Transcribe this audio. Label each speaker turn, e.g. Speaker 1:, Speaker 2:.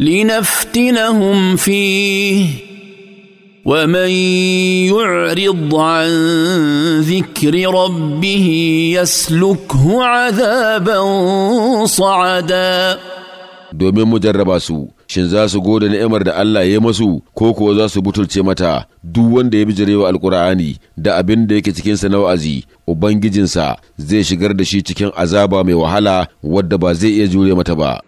Speaker 1: لنفتنهم فيه ومن يعرض عن ذكر ربه يسلكه عذابا صعدا
Speaker 2: domin mu jarraba su shin za su gode ni'imar da Allah ya masu ko kuwa za su butulce mata duk wanda ya bi jarewa alkur'ani da abin da yake cikinsa na wa'azi ubangijinsa zai shigar da shi cikin azaba mai wahala wadda ba zai iya jure mata ba